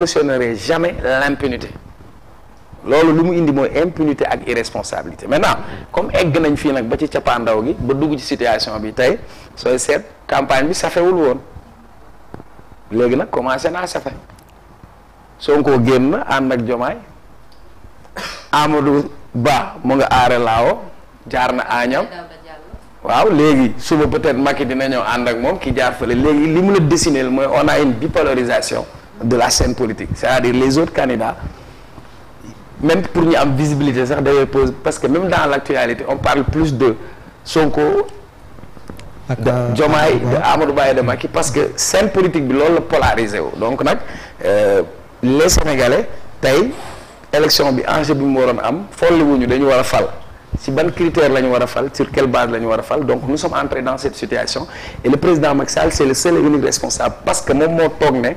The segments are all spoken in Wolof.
cautionnerai jamais l'impunité loolu lu mu indi mooy impunité ak irresponsabilité maintenant comme egg nañ fii nag ba ci cappaandaw gi ba dugg ci situation bi tey sooy seet campagne bi safewul woon léegi nag commencé naa safe Sonko génn na ànd ak Jomaay Amadou Ba mu nga aare laawo jaar na añam waaw léegi suba peut-être Macky dina ñëw ànd ak moom ki jaar fële léegi li mu la dessiner mooy on a une bipolarisation de la scène politique c'est-à-dire les autres candidats même pour ñu am visibilité sax dafay pose parce que même dans l'actualité on parle plus de Sonko de Diomaye de Amadou Ba de Macky parce que scène politique bi loolu la polarisé wu donc nag euh, les Sénégalais tey élection bi enjeu bi mu waroon am folli wuñu dañu war a fal si ban critère la ñu war a fal sur quelle base la ñu war a fal donc nous sommes entrés dans cette situation et le président Macky Sall c' est le seul et unique responsable parce que moom moo toog ne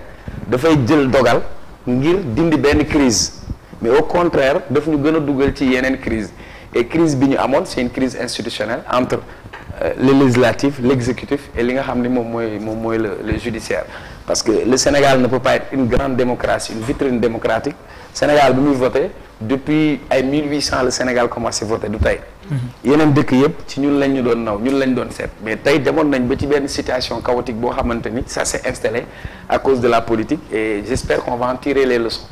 dafay jël dogal ngir dindi benn crise mais au contraire daf ñu gën a dugal ci yeneen crise et crise bi ñu amoon c' est une crise institutionnelle entre euh, le législatif l' exécutif et li nga xam ne moom mooy moom mooy le le judiciaire parce que le Sénégal ne peut pas être une grande démocratie une vitrine démocratique Sénégal bi muy voté depuis ay le Sénégal commencé voté du tey. Mhm. yeneen dëkk yëpp ci ñun lañ ñu doon naw ñun lañ doon seet mais tey demoon nañ ba ci benn situation chaotique boo xamante ni ça s'est installé à cause de la politique et j'espère qu'on va en tirer les leçons.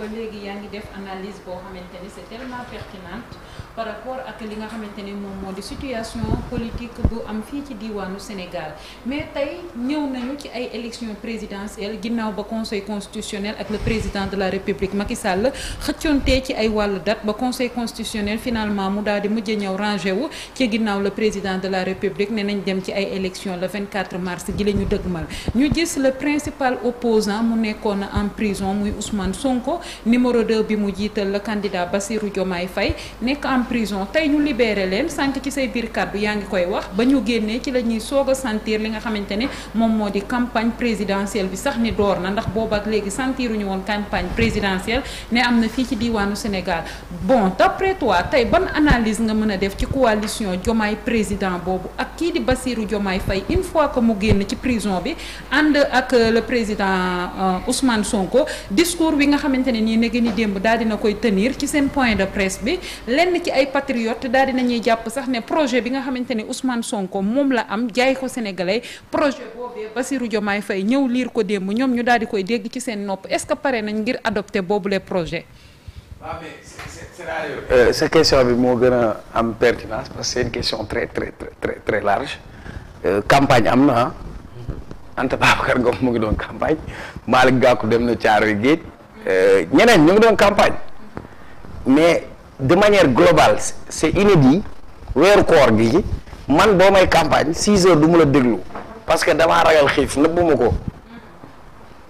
ba léegi yaa ngi def analyse boo xamante ni c'est tellement pertinente par rapport ak li nga xamante ni moom moo di situation politique bu am fii ci diwaanu Sénégal mais tey ñëw nañu ci ay élections présidentielles ginnaaw ba conseil constitutionnel ak le président de la république Macky Sall xëccoontee ci ay wàllu date ba conseil constitutionnel finalement mu daal di mujj ñëw rangé wu ci ginnaaw le président de la république ne nañ dem ci ay élections le 24 mars gi la ñu dëgmal ñu gis le principal opposant mu nekkoon en prison muy Ousmane Sonko numéro de bi mu jiital la candidat Bassirou Diomaye fay nekk en prison tey ñu libéré leen sànq ci say biir kàddu yaa ngi koy wax ba ñu génnee ci la ñuy soog a sentir li nga xamante ne moom moo di campagne présidentielle bi sax ni door na ndax boobu ak léegi santiiruñu woon campagne présidentielle ne am na fii ci diiwaanu Sénégal bon d'après toi tey ban analyse nga mën a def ci coalition Diomaye président boobu ak kii di Bassirou Diomaye fay une fois que mu génn ci prison bi ànd ak le président euh, Ousmane ne nii ni démb daal dina koy tenir ci seen point de presse bi lenn ci ay patriote daal dinañuy jàpp sax ne projet bi nga xamante ne Ousmane Sonko moom la am jaay ko sénégalais projet boobee Bassirou Diomaye Faye ñëw liir ko démb ñoom ñu daal di koy dégg ci seen nopp est-ce que pare nañ ngir adopter boobu les projet waaw sa euh, question bi moo gën a am pertinence parce que c'est une question très très très très large euh, campagne am na ah. Anta Babacar Ngom mu ngi doon campagne Malick Gakou dem na Thiaroye Géej Euh, ñeneen ñu ngi doon campagne mais de manière globale c'est inédit weeru koor gi man boo may campagne six heures du mu la déglu parce que damaa ragal xiif nëbbuma ko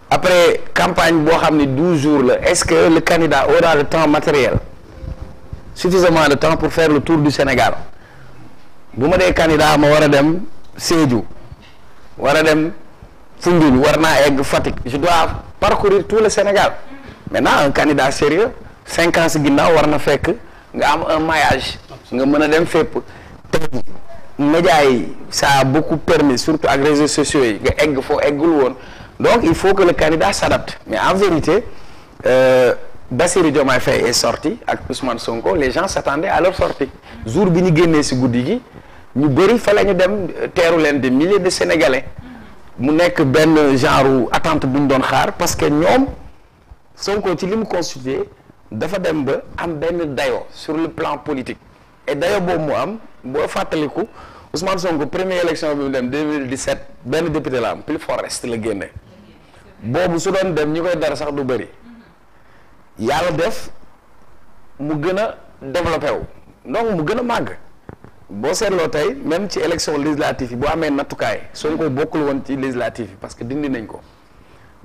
après campagne boo xam ne douze jours la est-ce que le candidat aura le temps matériel suffisamment de temps pour faire le tour du Sénégal bu ma dee candidat ma war a dem Sédhiou war a dem Foundiougne war naa egg Fatick je dois parcourir tout le Sénégal mais un candidat sérieux cinq ans ginnaaw war na fekk nga am un maillage nga mën a dem fépp tey médias yi ça a beaucoup permis surtout ak réseaux sociaux yi nga egg foo eggul woon donc il faut que le candidat s'adapte mais en vérité euh, Bassirou Diomaye Faye et sorti ak Ousmane Sonko les gens s'attendaient à leur sortie jour bi ñu génnee si guddi gi ñu bëri fa la ñu dem teeru leen de milliers de Sénégalais mu nekk benn genre attente bu ñu doon xaar parce que ñoom Sonko ci li mu constitué dafa dem ba am benn dayo sur le plan politique et dayo boobu mu am boo fàttaliku Ousmane Sonko première élection bi mu dem 2017 benn député la am plus forest la génne boobu su doon dem ñi koy dara sax du bëri yàlla def mu gën a développé wu donc mu gën a màgg boo seetloo tey même ci élection législative yi boo amee nattukaay Sonko bokkul woon ci législative yi parce que dindi nañ ko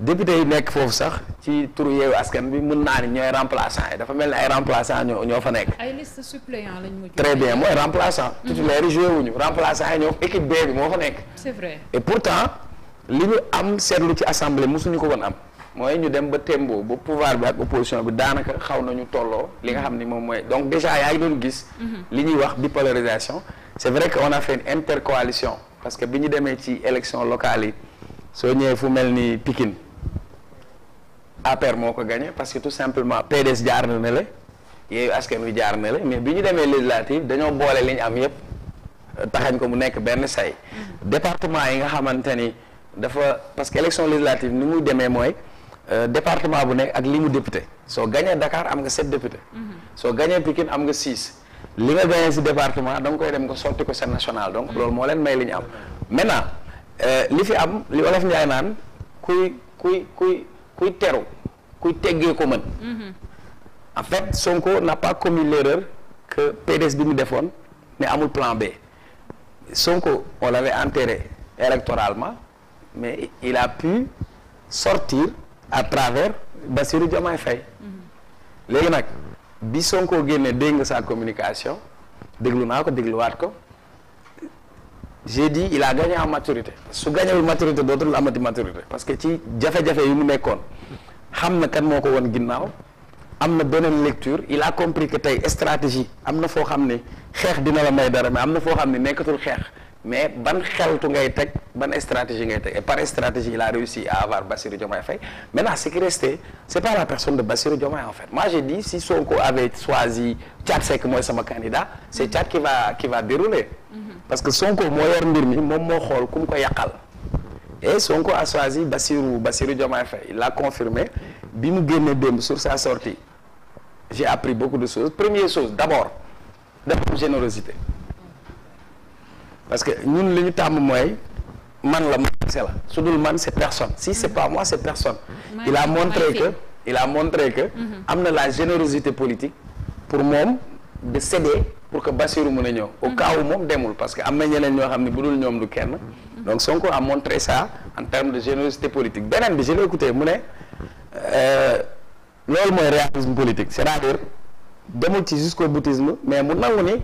député yu nekk foofu sax ci turu yeewu askan bi mun naa ni ñooy remplaçant yi dafa mel ni ay remplaçant ñoo ñoo fa nekk. ay liste suppléant lañ mujj. très bien mooy remplaçant. Mm-hmm. titulaire yi joué wuñu remplaçant yi ñoom équipe B bi moo fa nekk. c'est vrai et pourtant li ñu am seetlu ci assemblée mosuñu ko woon am. mooy ñu dem ba tembo ba pouvoir bi ak opposition bi daanaka xaw na ñu tolloo li nga xam ni moom mooy donc déjà yaa ngi doon gis. Mm-hmm. li ñuy wax bipolarisation. c'est vrai que on a fait parce que bi ñu demee ci élection locale yi soo ñëwee fu mel ni Pikine. APR moo ko gagné parce que tout simplement PDS jaar na ne la yooyu askan wi jaar na la mais bi ñu demee législative dañoo boole li ñu am yépp taxañ ko mu nekk benn say mm-hmm. département yi nga xamante ni dafa parce que élection législative ni muy demee mooy euh, département bu nekk ak li mu député soo gagné dakaar am nga sept député mm-hmm. soo gagné Pikine am nga six li nga gagné si département da koy dem ko sotti ko seen national donc loolu moo leen may li ñu am maintenant euh, li fi am li Wolof Njaay naan kuy kuy kuy kuy kuy teggee ko man mhm. en fait Sonko n'a pa commis l'erreur que PDS bi mu defoon ne amul plan B Sonko on l'avait enterré électoralement mais il la pu sortir à travers Bassirou Diomaye Faye mhm. léegi nag bi Sonko génne dégg nga sa communication déglu naa ko dégluwaat ko j'ai dit il a gagné en maturité su gagnewul maturité dootul amati maturité parce que ci jafe-jafe yi mu nekkoon xam na kan moo ko woon ginnaaw am na beneen lecture il a compris que tey stratégie am na foo xam ne xeex dina la may dara mais am na foo xam ne nekkatul xeex mais ban xeltu ngay teg ban stratégie ngay teg et par stratégie il a réussi à avoir Bassirou Diomaye Faye maintenant ce qui restait c'est pas la personne de Bassirou Diomaye en fait moi j'ai dit si Sonko avait choisi Thiat Seck mooy sama candidat c'est Thiat qui va qui va dérouler mm-hmm. parce que Sonko moo mbir mi moom moo xool ku mu ko yàqal et eh, Sonko a choisi Bassirou Bassirou Diomaye Faye il l'a confirmé bi mu génnee démb sur sa sortie j'ai appris beaucoup de choses première chose d'abord dafa générosité parce que ñun li ñu tàmm mooy man la man c'est la su dul man c'est personne si c'est pa moi c'est personne mmh. il a mmh. montré que il a montré que mmh. am na la générosité politique pour moom de céder pour que Bassirou mën a ñëw au cas où moom demul parce que am na ñeneen ñoo xam ne bu dul ñoom lu kenn donc Sonko am montré ça en termes de générosité politique beneen bi je l'ai écouté mu ne euh, loolu mooy réalisme politique c'est-à-dire demul ci jusqu'au boutisme mais mu nangu ni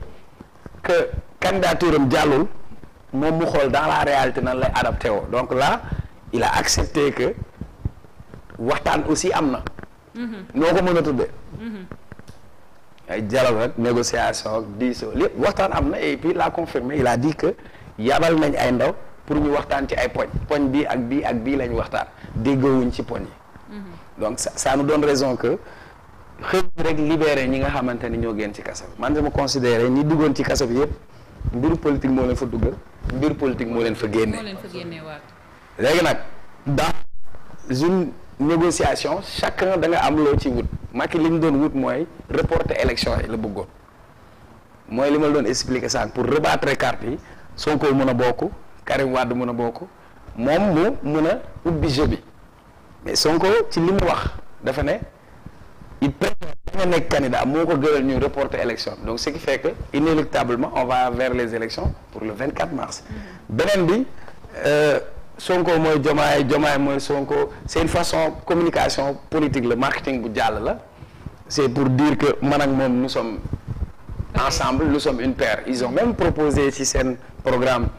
que candidature am jàllul moom mu xool dans la réalité nan lay adapté woo donc là il a accepté que waxtaan aussi am na mm-hmm. noo ko mën a tuddee mm-hmm. ay dialogue ak négociation ak diisoo lépp waxtaan am na et puis il a confirmé il a dit que yabal nañ ay ndaw pour ñu waxtaan ci ay poñ poñ bii ak bii ak bii lañu waxtaan déggoowuñ ci poñ yi mm-hmm. donc ça, ça nous raison que xëy rek libéré ñi nga xamante ni ñoo génn ci kaso bi man dama considéré ñi duggoon ci kaso bi yëpp mbiru politique moo leen fa duggal mbir politique moo leen fa génne léegi nag dans une négociation chacun da nga am loo ci wut Macky li mu doon wut mooy reporter élection yi la bëggoon mooy li ma doon expliquer sànq pour rebattre carte yi Sonko mën a bokk Karim Wade mun a bokk moom mu mun a ubbi bi mais Sonko ci li mu wax dafa ne il préfère nga nekk candidat moo ko gëral ñu reporter élection donc ce qui fait que inéluctablement on va vers les élections pour le 24 mars mm-hmm. beneen bi euh, Sonko mooy Diomaye Diomaye mooy Sonko c'est une façon communication politique le marketing bu jàll la c'est pour dire que man ak moom nous sommes ensemble nous sommes une paire ils ont même proposé ci seen programme